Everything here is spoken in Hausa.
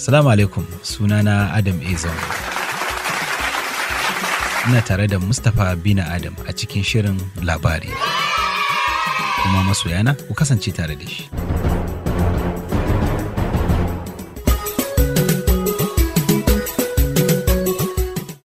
Salamu alaikum sunana Adam Ezon. Ina tare da Mustapha Bina Adam a cikin shirin labari. Kuma masoyana ku kasance tare da shi.